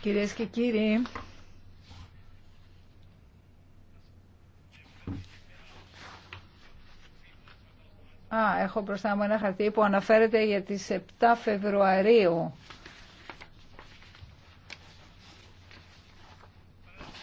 Κυρίες και κύριοι, έχω μπροστά μου ένα χαρτί που αναφέρεται για τις 7 Φεβρουαρίου